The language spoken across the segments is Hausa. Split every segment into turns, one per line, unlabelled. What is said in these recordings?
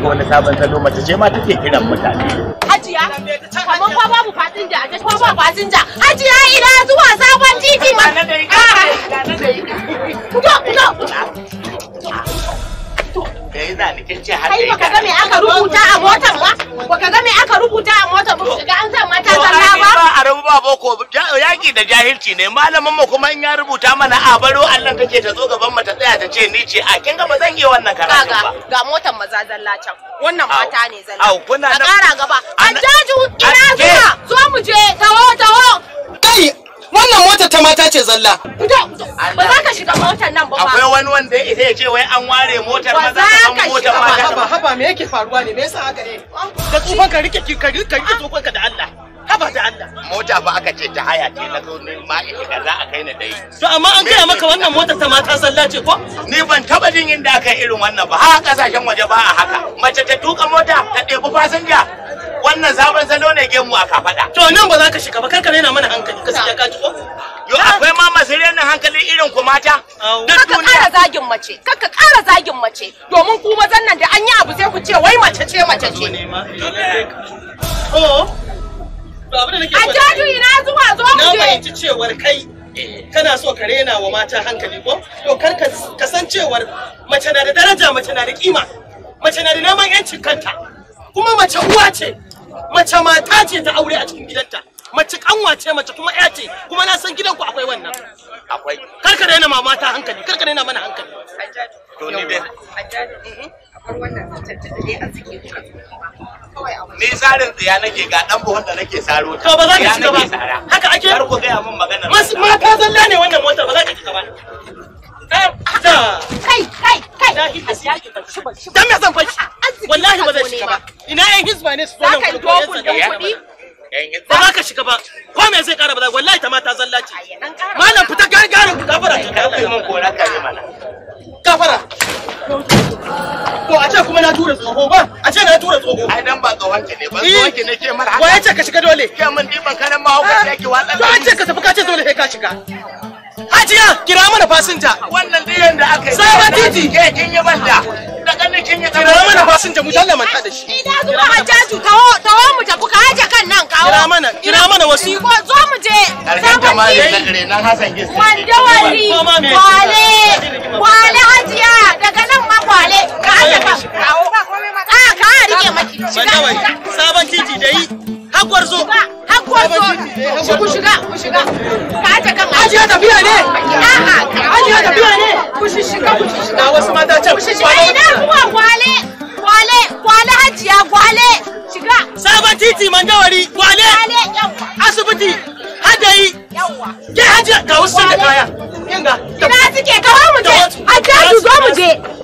na wani sabon salo mace ce ma take kiran mutane
hajiya kamar kwa babu fasinja a kwa ba fasinja hajiya ina zuwa sabon titi ba ku
fito faɗa ni kin ce har kai baka ga me aka rubuta a motar ba baka ga me aka rubuta a motar ba shiga
an sa
mata
zanna ba ba
a rabu ba boko yaki da jahilci ne malamin mu kuma in ya rubuta mana
a baro Allah kake ta zo gaban mu ta tsaya ta ce ni ce a kin ga ba zan yi wannan karatu ba
ga motar maza zalla can wannan mata ne zalla au kuna na ƙara gaba
an jaju ina zuwa zo mu je tawo tawo kai wannan motar ta mata ce zalla ba
za ka shiga motar nan ba akwai wani wanda ya ce wai an ware motar maza ta zama motar mata haba haba me yake faruwa ne me yasa haka
ne eh? da tsufan ka rike ka rike tsufan ka da Allah haba da Allah mota ba aka ce ta haya ce na zo ne ma ita kaza a kai na dai to amma an kai maka wannan motar ta mata zalla ce ko ni ban taba jin inda aka irin wannan ba ha kasashen waje ba a haka mace ta tuka mota ta ɗebi fasinja wannan sabon salo ne gemu a kafada to nan ba za ka shiga ba kar ka rena mana hankali ka sanya ka tuko yo ah. akwai ma masu rena hankali
irin ku mata duniya kar ka zagin mace kar ka ƙara zagin mace domin ku mazan nan da
an yi abu sai ku ce wai mace ce mace ce oh a jaju ina zuwa zo mu je na fahimci cewar kai kana so ka rena wa mata hankali ko to kar ka san cewar mace na da daraja mace na da kima mace na da naman yancin kanta kuma mace uwa ce mace mata ce ta aure a cikin gidanta mace kanwa ce mace kuma ya ce kuma na san gidanku akwai wannan akwai ka daina mama ta hankali ka daina mana hankali
to ni dai ne tsarin tsaya nake ga dan wanda nake
saro to ba za ka shiga ba haka ake kar ku gaya min magana mata zalla ne wannan motar ba za ka shiga ba kai kai kai dan me zan fashi wallahi ba zai shiga ba ina yan hizba ne su zo nan kuɗi ba za ka shiga ba ko me zai kara ba za wallahi ta mata zalla ce malam fita gagarin gafara ta kafara to a ce kuma na tura tsoho ba a ce na tura tsoho ai dan ba tsohon ki ne ba eh, tsohon ki ne ke ce ka shiga dole
ke mun ban karan ma ah, an ce ka tafi ka ce dole sai ka shiga Hajiya kira mana fasinja wannan aka yi titi ke kin yi banda
da kin yi kira mana fasinja mu
talla manta da shi zuwa mu tafi ka haje kan nan kawo kira mana kira mana wasu zo mu je nan Gis Kwale Kwale Hajiya daga nan kwale ka Allah ka kawo ah, ka rike maki shiga sabon titi dai hakwar zo hakwar zo ku shiga ku shiga ka kan aje ne
aje ne ku shiga ku shiga wasu mata ku shiga ina kuwa
kwale kwale kwale hajiya kwale shiga sabon titi kwale asibiti hadayi ke hajiya ga wasu da kaya ina suke kawo mu je a ta zo mu je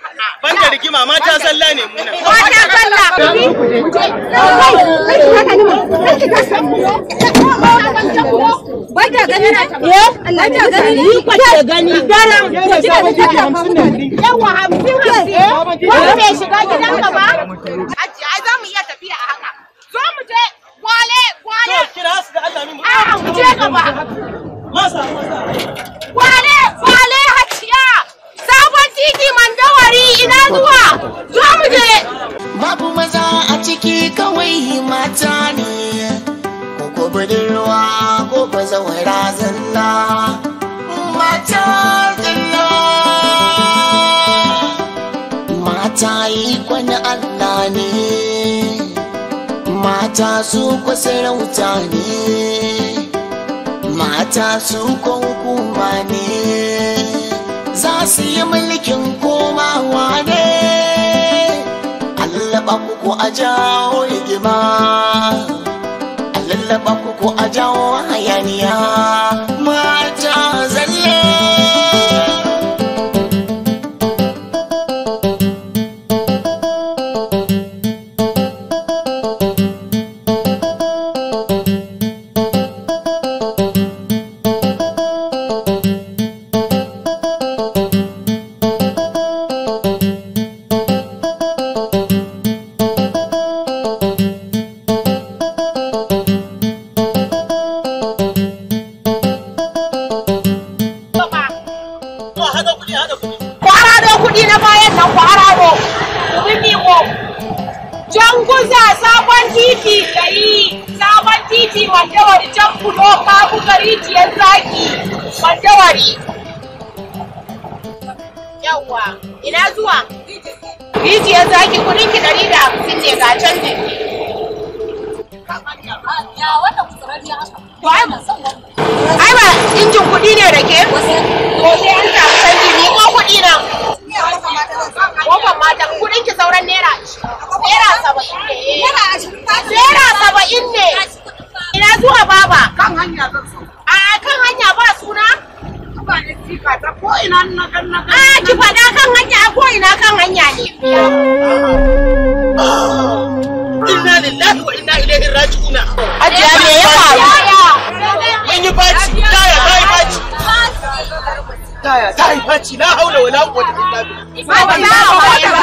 ban da rigima mata zalla ne muna mata zalla gani
eh bata gani ni gani dara ko yawa hamsin hamsin ko shiga gidan ka ba aji ai za mu iya tafiya a haka zo mu je kira su da Allah mu je masa masa
ina zuwa Zuwa mu je babu maza a ciki kawai mata ne ko budurwa ko ba zawara zalla mata zalla mata ikon Allah ne mata su kwa sarauta ne mata su kwa hukuma ne za su yi mulkin koma wane allaba kuku a jawo rigima allaba kuku a jawo hayaniya
ya ba injin kuɗi ne da ke ko kuɗi nan. kuɗin ki sauran naira naira saba'in ne ina zuwa baba kan hanya a kan hanya ba suna na kan na kan hanya ko ina kan hanya
ne
لا حول ولا قوه الا بالله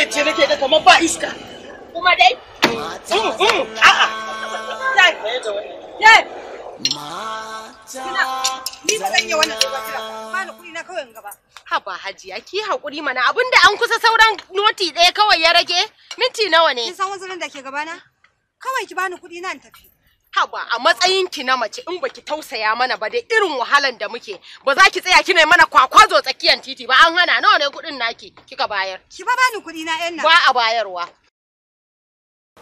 wallahi ce nake ga kamar ba iska
kuma dai mm,
mm,
a'a yai kina ni ba zan ba
ni kuɗi na kawai gaba haba hajiya ki haƙuri mana abinda an kusa sauran noti ɗaya kawai ya rage minti nawa ne kin san wanzanin
da ke gabana
kawai ki bani kuɗi na tafi haba a matsayin ki na mace in baki tausaya mana ba dai irin wahalan da muke ba za ki tsaya ki ne mana kwakwazo tsakiyan titi ba an hana nawa ne kudin naki kika bayar ki
ba bani kudi na yan nan ba
a
bayarwa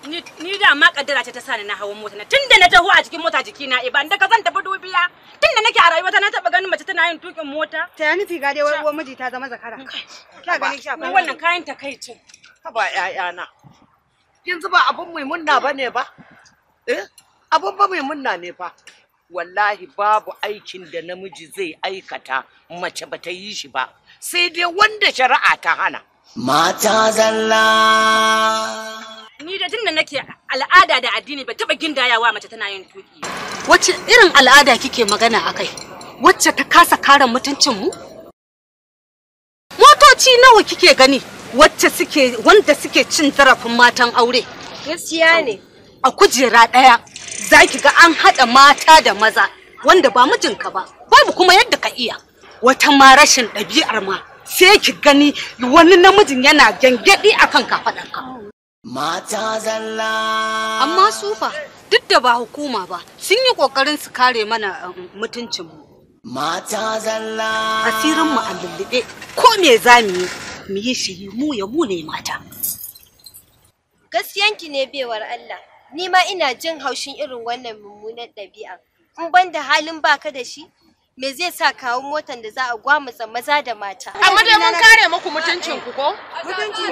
ni ni da ma kaddara ce ta sani na hawan mota na tunda na taho a cikin mota jiki na iban eh, daga zan tafi dubiya tunda nake a rayuwa ta na taba ganin mace tana yin tukin mota ta yani fi ga dai wani uwar miji ta zama zakara ka gani ki akwai wannan
kayan takaicin ka ba ƴaƴana yanzu ba abun mai munna bane ba eh abun ba mai munna ne fa wallahi babu aikin da namiji zai aikata
mace ba ta yi shi ba sai dai wanda shari'a ta hana
mata zalla
ni da tunda nake al'ada da addini ba taba gindayawa mace tana yin tuki wacce irin al'ada kike magana akai wacce ta kasa kare mutuncin mu motoci nawa kike gani wacce suke wanda suke cin zarafin matan aure gaskiya ne a kujera daya za ki ga an haɗa mata da maza wanda ba mijinka ba babu kuma yadda ka iya wata ma rashin ɗabi'ar ma sai ki gani wani namijin yana gyangyaɗi akan kafaɗarka.
Mata zalla.
Amma sufa duk da ba hukuma ba sun yi ƙoƙarin su kare mana um, mutuncinmu.
Mata zalla.
Asirinmu a lullube ko me za mu yi mu yi shi mu ya mu ne mata. Gaskiyanki ne bewar Allah. ni ma ina jin haushin irin wannan mummunan ɗabi'a in ban da halin baka da shi me zai sa kawo motan da za a gwamutsa maza da mata amma dai mun kare muku mutuncin ku ko mutunci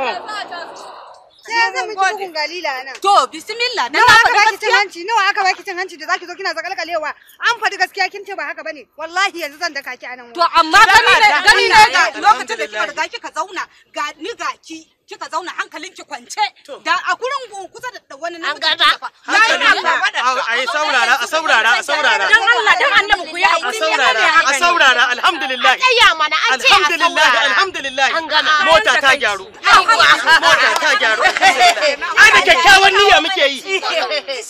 sai zan miki hukun galila to bismillah nawa aka baki cin hanci nawa aka baki cin hanci da zaki zo kina zakalkalewa an faɗi gaskiya kin ce ba haka bane wallahi yanzu zan daka ki anan to amma gani ne gani ne lokacin da kika riga kika zauna ga ni ga ki kika zauna hankalinki ki kwance da a gurin kusa da wani namiji an gaba yayi Allah
a saurara a saurara a saurara dan Allah dan Allah ku a saurara a saurara alhamdulillah ayya mana an ce alhamdulillah alhamdulillah an mota ta gyaru mota ta gyaru ai da kyakkyawan niyya muke yi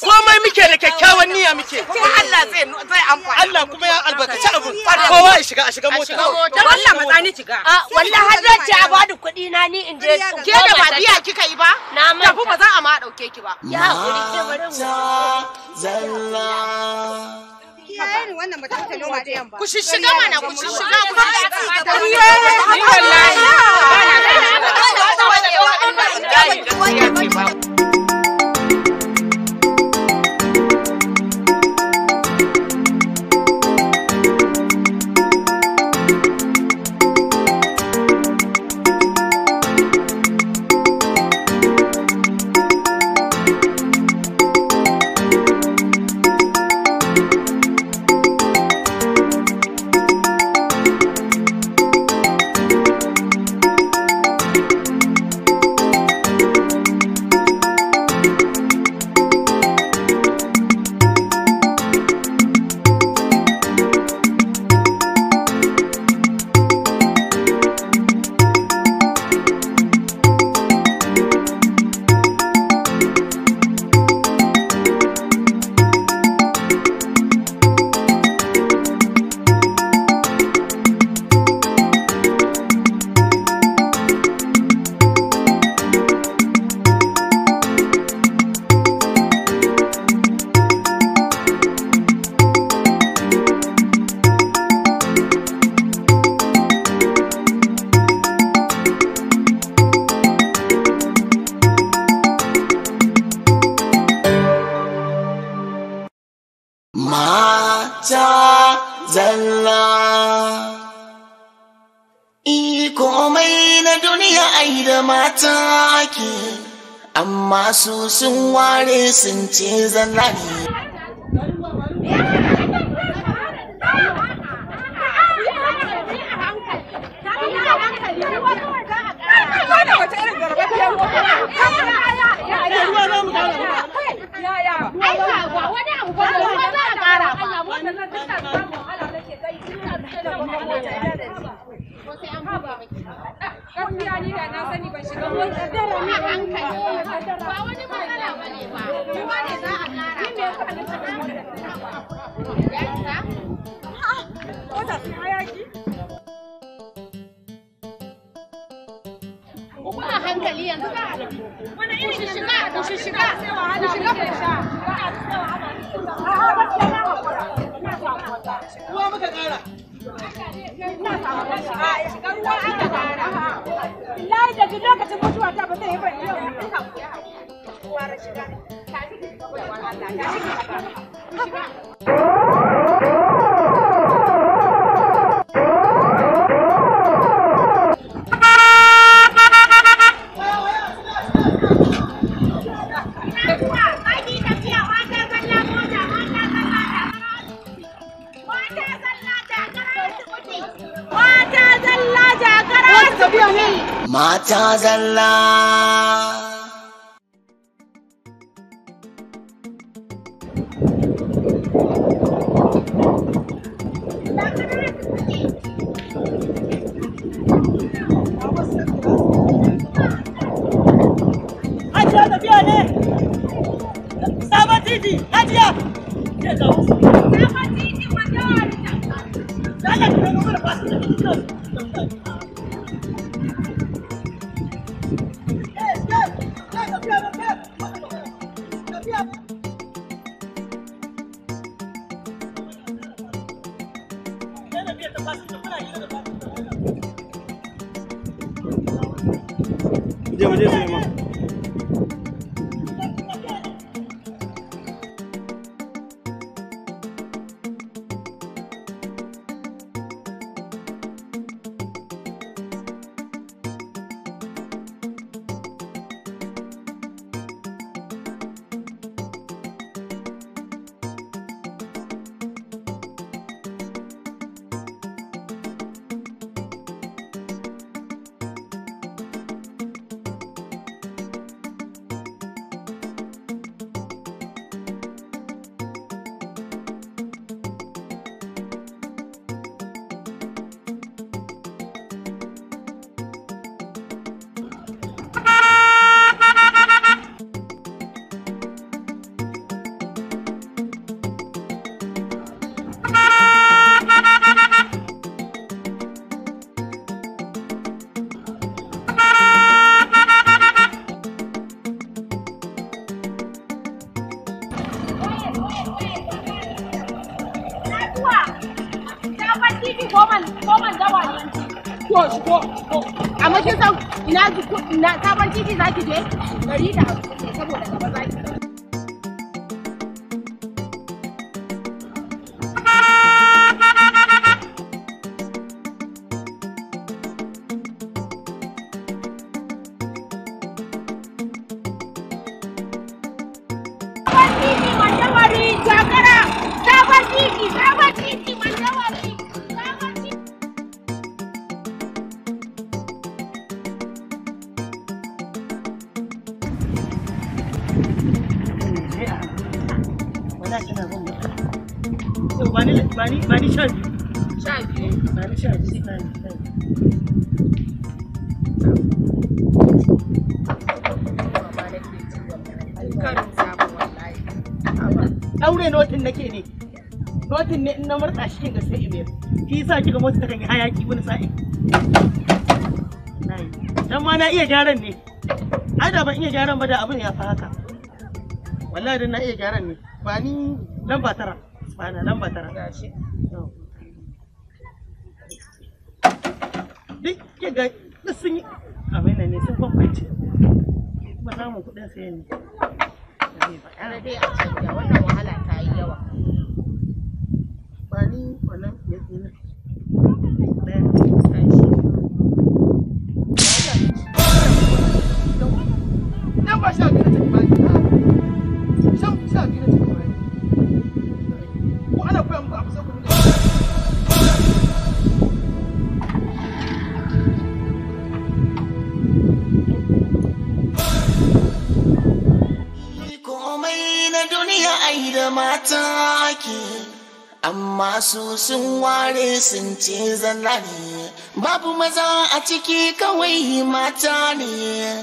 komai muke da kyakkyawan
niyya muke kuma Allah zai zai amfana Allah kuma ya albarkaci abu kowa ya shiga a shiga mota
wallahi mazani shiga wallahi har zan ci a bada kuɗi na ni in je Ke da ba kika
yi ba? Na manta. Tafi a ma ki ba. Ya hakuri ke mu.
Zalla.
ba ta noma da Ku shishiga Ba
na
da. Ba
kasance zanna ne
gaskiya ni na sani ba shiga wani kaddara hankali ba wani matsala bane ba kuma ne za a kara ni me ya isa wata hayaki
Ku shiga shiga shiga A'a
gaskiya na hakura. kara.
Wallahi
daga lokacin mutuwa ta ba zai yi bane. Uwa Allah, ta
Chazala.
看不见吗？你在哪里？哪一的？
bani bani bani sha biyu sha biyu bani sha biyu sha biyu daure notin nake ne notin ne in na murɗa shi kin ga sai ibe shi yasa kika motsa ta kan yi hayaki wani sa'i dan ma na iya gyaran ne ai da ban iya gyaran ba da abin ya fi haka wallahi dan na iya gyaran ne ba ni nan ba tara bana da lamba tara duk ga sun yi abin nan ne sun kuma kuɗin sayan ne ba
sun ware sun ce zanna ne babu maza a ciki kawai mata ne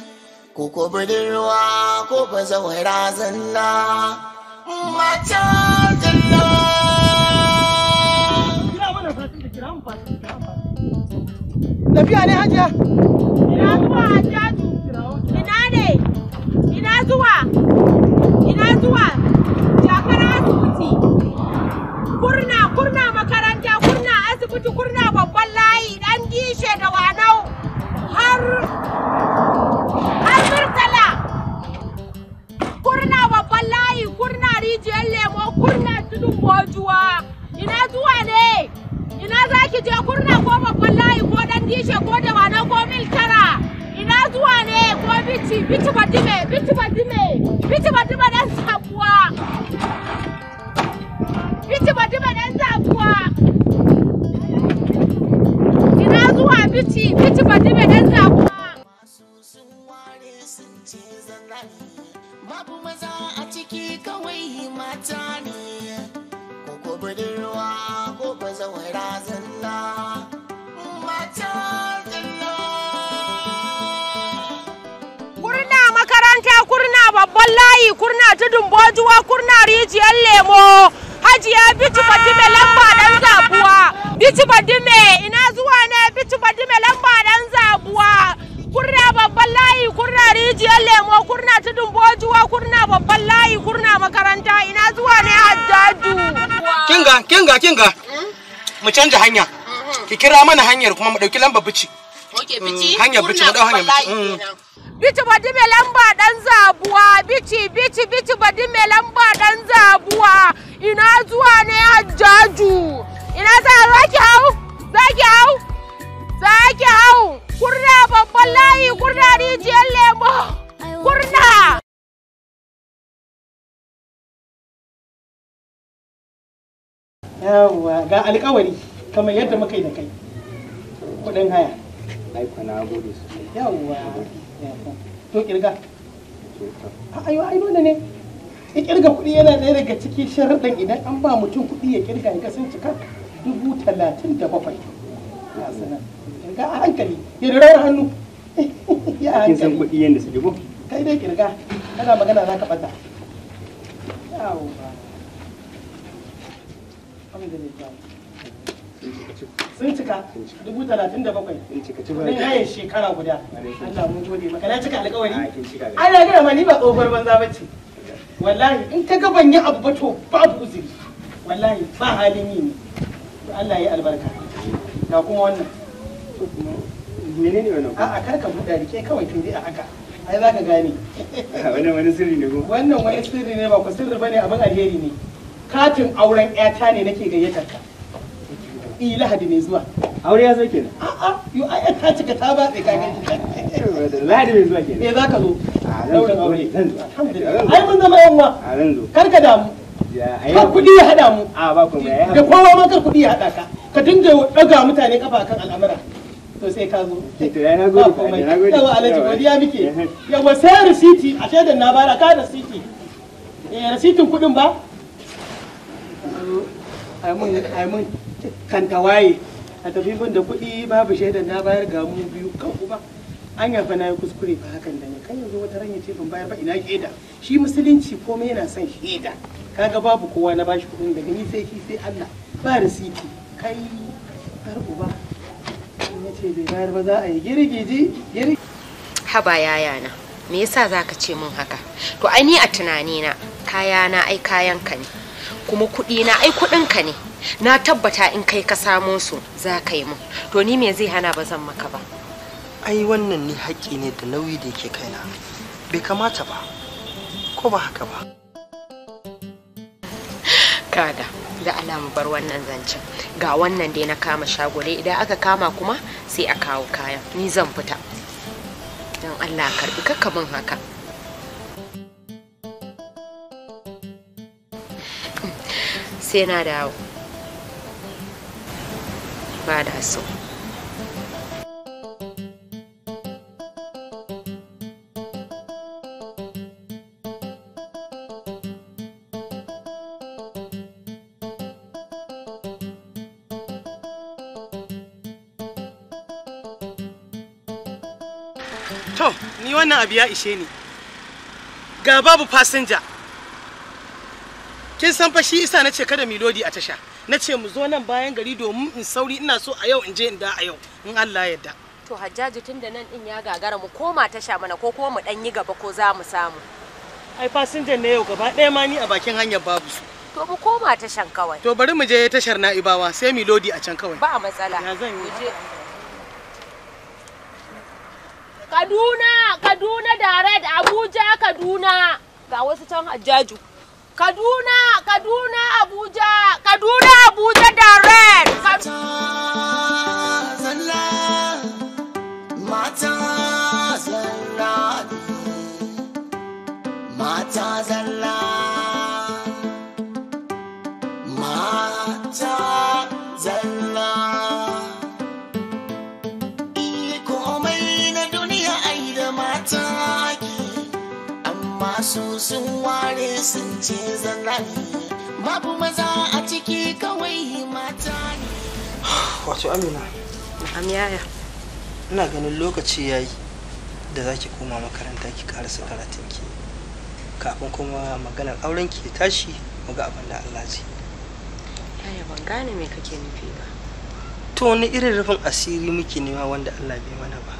ko ko budurwa ko ba zawara zanna mata
zanna tafiya ne hajiya? Ina zuwa hajiya Ina ne? Ina zuwa? Ina zuwa? Jakar asibiti. Kurna, kurna ma
ga kin ga mu canja hanya mm-hmm. ki kira mana hanyar kuma mu dauki lamba bici
mm, bici? Hanya bici, mu dau hanya bici. Mm. Bici ba dime lamba dan zabuwa, bici bici bici ba me lamba dan zabuwa. Ina zuwa ne hajjaju. Ina za a zaki hau? Zaki hau?
Zaki hau? Kurna babban layi, kurna rijiyar lemo. Kurna!
yawwa ga alkawari kamar yadda muka yi da kai kudin haya aiko na gode yawwa to kirga ayo ai dole ne ya kirga kuɗi yana ɗaya daga cikin sharaɗin idan an ba mutum kuɗi ya kirga ya sun cika dubu talatin da bakwai kirga a hankali ya hannu ya hankali kin san yadda su dubu kai dai kirga kana magana za ka bata yawwa abin da zai sun cika dubu talatin da bakwai kudin hayan shekara guda Allah mun gode maka na cika alkawari ana gina ma ni ba tsohuwar banza ba ce wallahi in ka ga ban yi abu ba to babu uzuri wallahi ba halin yi ne Allah ya albarka ga kuma wannan menene wannan a'a kar ka buɗa rike kawai tun a haka ai za ka gane wannan wani sirri ne ko wannan wani sirri ne ba ku sirri bane abin alheri ne katin auren ƴata ne nake gayyatar ka i lahadi mai zuwa aure ya zo kenan a'a yo ai ka cika ta ba sai ka lahadi mai zuwa kenan eh ka zo daurin aure zan zo alhamdulillah ai mun zama yan uwa zan zo kar ka damu Ba kuɗi ya haɗa mu a ba ku mai da kowa ma kar kuɗi ya haɗa ka ka dinga daga mutane kafa kan al'amura to sai ka zo to ya na gode na gode yawa alaji godiya muke yawa sai risiti a shaidan na bara ka da risiti eh receipt kuɗin ba zo a mun a tafi bin da kuɗi babu shaidar na bayar ga mu biyu kan uba an yafa na yi kuskure ba hakan da ne kan yanzu wata ranya ce ban bayar ba ina shaida shi musulunci komai yana son shaida kaga babu kowa na bashi kuɗin daga ni sai shi sai Allah ba risiti kai har uba in ya ce bai bayar ba za a yi girgiji girgi haba yayana me yasa zaka
ce min haka to ai ni a tunanina kayana ai kayanka ne kuma kuɗi na ai kuɗin ka ne na tabbata in kai ka samo su za ka yi mun to ni me zai hana
ba zan maka ba ai wannan ni haƙƙi ne da nauyi da yake kaina bai kamata ba ko ba haka ba kada
da alamu bar wannan zancen ga wannan dai na kama shagole idan aka kama kuma sai a kawo kayan ni zan fita don allah karbi kakkamin haka sai da dawo ba da so
To, ni wannan abu ya ishe ni. Ga babu fasinja. kin san fa shi isa na ce kada milodi a tasha na ce mu zo nan bayan gari domin in sauri ina so a yau in je in da a yau in Allah yadda.
to hajjaji tun da nan din ya gagara mu koma tasha mana ko kuma mu dan yi gaba ko za mu samu
ai fasinjan ne yau gaba ɗaya ma ni a bakin hanyar babu su
to mu koma tashan
kawai
to bari mu je tashar na'ibawa sai milodi a can kawai
ba matsala ya zan yi Kaduna Kaduna direct Abuja Kaduna ga wasu can hajjaju Kaduna, Kaduna, Abuja, Kaduna, Abuja direct. Kad
kasance zanani babu maza a ciki kawai mata ne wato amina amiyaya
ina ganin lokaci yi da za ki koma makaranta ki karasa karatunki kafin kuma maganar auren ki tashi mu ga abin da Allah zai
yaya ban gane me kake nufi ba
to wani irin rufin asiri muke nema wanda Allah bai mana ba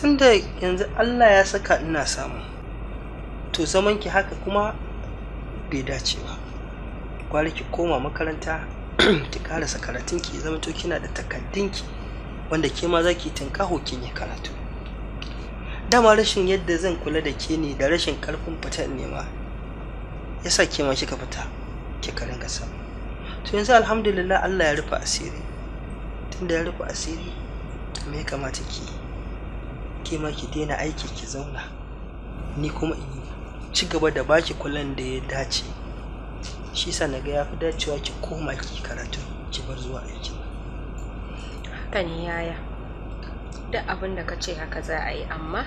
tunda yanzu Allah ya saka ina samu to zaman ki haka kuma bai dace ba kwari ki koma makaranta ki karasa karatun ki zama to kina da takaddun ki wanda ke ma za ki tinkaho kin yi karatu dama rashin yadda zan kula da ke ne da rashin karfin fitar nema ya sa ke ma kika fita kika ringa samu to yanzu alhamdulillah Allah ya rufe asiri tunda ya rufe asiri me ya kamata ki ke ma ki daina aiki ki zauna ni kuma in yi ci gaba da baki kulan da ya dace shi sa na ga ya fi dacewa ki koma ki karatu ki bar zuwa aiki
haka ne yaya duk abin da ka ce haka za a yi amma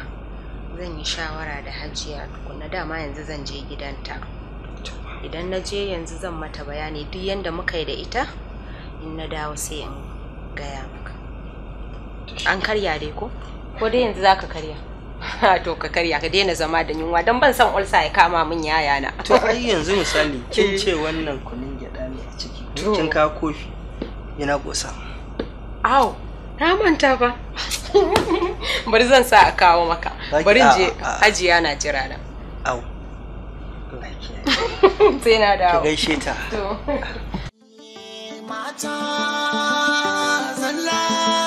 zan yi shawara da hajiya tukuna dama yanzu zan je gidanta idan na je yanzu zan mata bayani duk yadda muka yi da ita in na dawo sai in gaya maka an karya dai ko ko dai yanzu za ka karya to ka karya ka daina zama da yunwa don ban san ulsa ya kama min yaya na to
ai yanzu misali kin eh. ce wannan kunun gyada ne a ciki kin ka kofi ina gosa
aw na manta ba
bari zan sa a kawo maka bari je
hajiya na jira na aw sai na dawo ki gaishe
ta
to mata zalla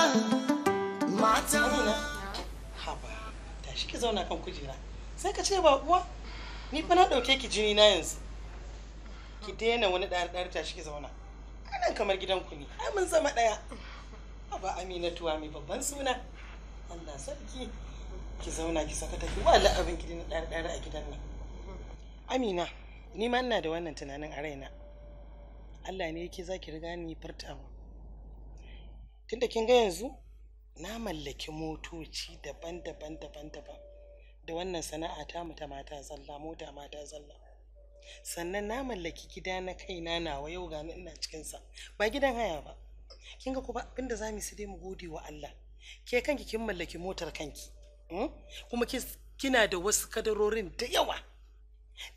ki zauna kan kujera sai ka ce ba uwa ni fa na dauke ki jini na yanzu ki daina wani ɗari ɗari tashi ki zauna anan kamar ku ne ai mun zama ɗaya ba tuwa mai babban suna Allah sarki ki zauna ki saka tafi wala abin ki dina ɗari ɗari a gidan nan Amina ni ma ina da wannan tunanin a raina Allah ne yake zaki riga ni furtawa tunda kin ga yanzu na mallaki motoci daban daban daban daban da wannan sana'a ta mu ta mata zalla mota mata zalla sannan na mallaki gida na kaina nawa yau ga ina cikin sa ba gidan haya ba kin ga kuma abinda zamu su dai mu gode wa Allah ke kanki kin mallaki motar kanki hmm? kuma kina da wasu kadarorin da yawa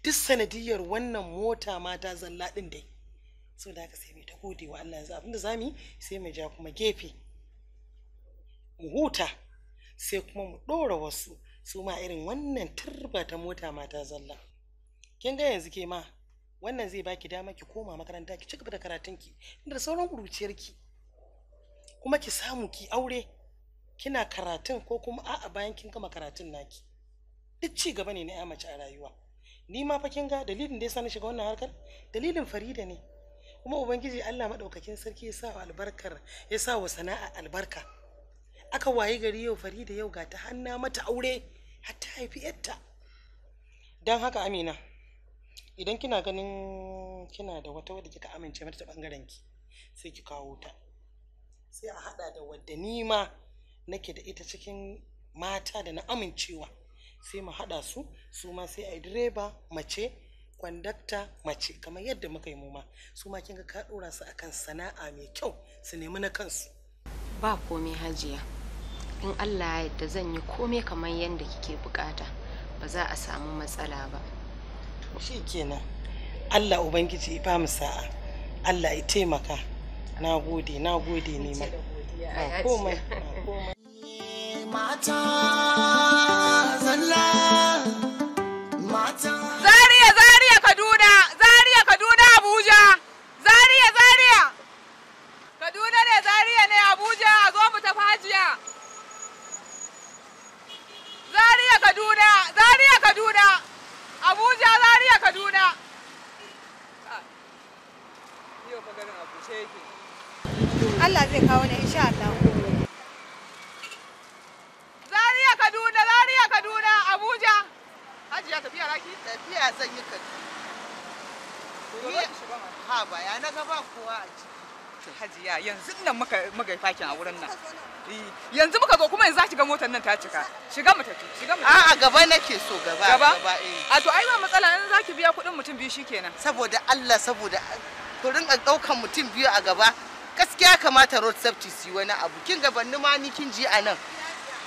duk sanadiyar wannan mota mata zalla din dai so da haka sai mai ta gode wa Allah yanzu abinda zamu sai mu ja kuma gefe mu huta sai kuma mu ɗora wasu su ma irin wannan turba ta mota mata zalla kin ga yanzu ke ma wannan zai baki dama ki koma makaranta ki cigaba da karatun ki, da sauran ki kuma ki samu ki aure kina karatun ko kuma a'a bayan kin gama karatun naki duk ci gaba ne na ya mace a rayuwa ni ma fa kin ga dalilin da yasa na shiga wannan harkar dalilin farida ne kuma ubangiji Allah madaukakin sarki ya sa albarkar ya sa wa sana'a albarka aka wayi gari yau fari da yau ga ta hanna mata aure har ta haifi yarta don haka amina idan kina ganin kina da wata wadda kika amince mata ta bangaren ki sai ki kawo ta sai a hada da wadda ni nake da ita cikin mata da na amincewa sai mu hada su su ma sai a direba mace kwandakta mace kamar yadda muka yi mu ma su ma kin ka dora su akan sana'a mai kyau su nemi na kansu
ba komai hajiya in allah ya yadda zan yi komai kamar yadda kike bukata ba za a samu matsala
ba shi kenan allah ubangiji ba mu sa'a allah ya taimaka na gode na gode ne ma
komai mata
Zaria Kaduna. Abuja Zaria Kaduna. Allah zai kawo ne insha Allah. Zaria Kaduna, Zaria Kaduna,
Abuja. Hajiya tafiya raki? Tafiya sanyi yi Kaduna. Ha baya na gaba kowa a ciki.
hajiya yanzu nan muka muka fakin a wurin nan eh, yanzu muka zo kuma yanzu za ki ga motar nan ta cika shiga mu tafi shiga mu a'a
gaba nake so gaba gaba eh. a to ai ba matsala in za ki biya kuɗin mutum biyu shikenan saboda Allah saboda ku rinka ɗaukan mutum biyu a gaba gaskiya kamata road safety su wani abu kin gabanni ma ni kin ji a nan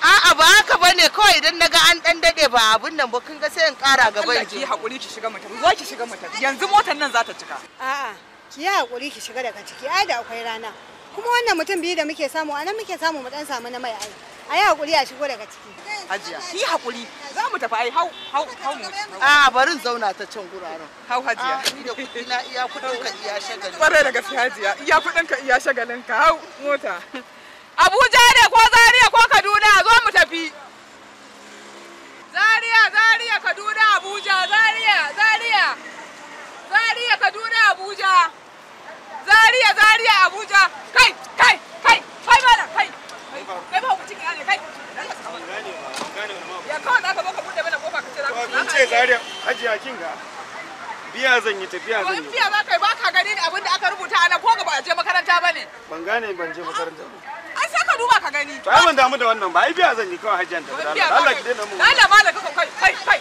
a'a ba haka bane kawai idan naga an dan dade ba abun nan ba kin ga sai in kara gaba ki hakuri ki shiga mu tafi zo ki shiga mu tafi yanzu motar nan za ta cika
a'a ki ya hakuri ki shiga daga ciki ai da akwai rana kuma wannan mutum biyu da muke samu anan muke samu mu dan samu na mai ai a yi hakuri a shigo daga ciki hajiya ki hakuri
za
mu tafi ai hau hau hau mu a barin zauna ta can guraren hau hajiya ni da kudi na iya kudin ka iya shagalin kware daga gaske hajiya iya kudin ka iya shagalin ka hau mota
Abuja ne ko Zaria ko Kaduna zo mu tafi Zaria Zaria Kaduna Abuja Zaria Zaria Zaria Kaduna Abuja Zaria Zaria Abuja kai kai kai kai malam kai kai ba ku cikin ne kai ya kawai za ka baka bude mana kofa
ka ce za ka kun ce Zaria hajiya kin ga biya zan yi tafiya zan yi
biya ba kai ba ka gani abin da aka rubuta a nan ko ga ba a je makaranta ba ne
ban gane ban je makaranta ba
ai sai ka duba ka gani to ai
damu da wannan ba ai biya zan yi kawai hajiyan da Allah ki daina mu
Allah malaka kai kai kai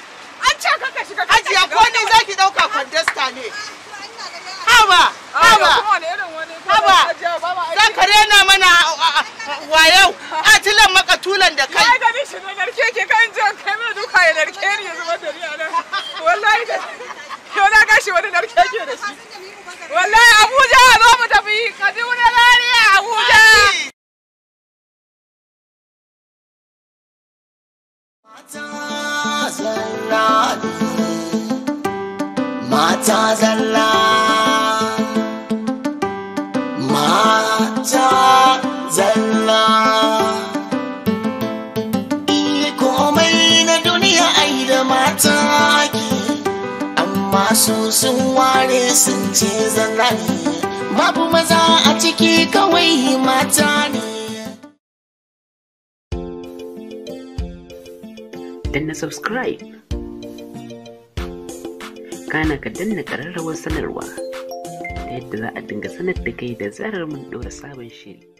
An ce ka ka shiga. ajiya ko ni za ki ne. Haba, haba,
haba, ka rena mana wayau, a makatulan tulan da kai. Ya gani shi narke ke kan kai duka ya narke a Wallahi da, na gashi wani narke ke da shi. Wallahi abu
sun ce zanrani babu maza a ciki kawai mata ne
danna subscribe
kana ka danna kararrawar sanarwa ta yadda za a dinga sanar da kai da zarar mun ɗora sabon shiri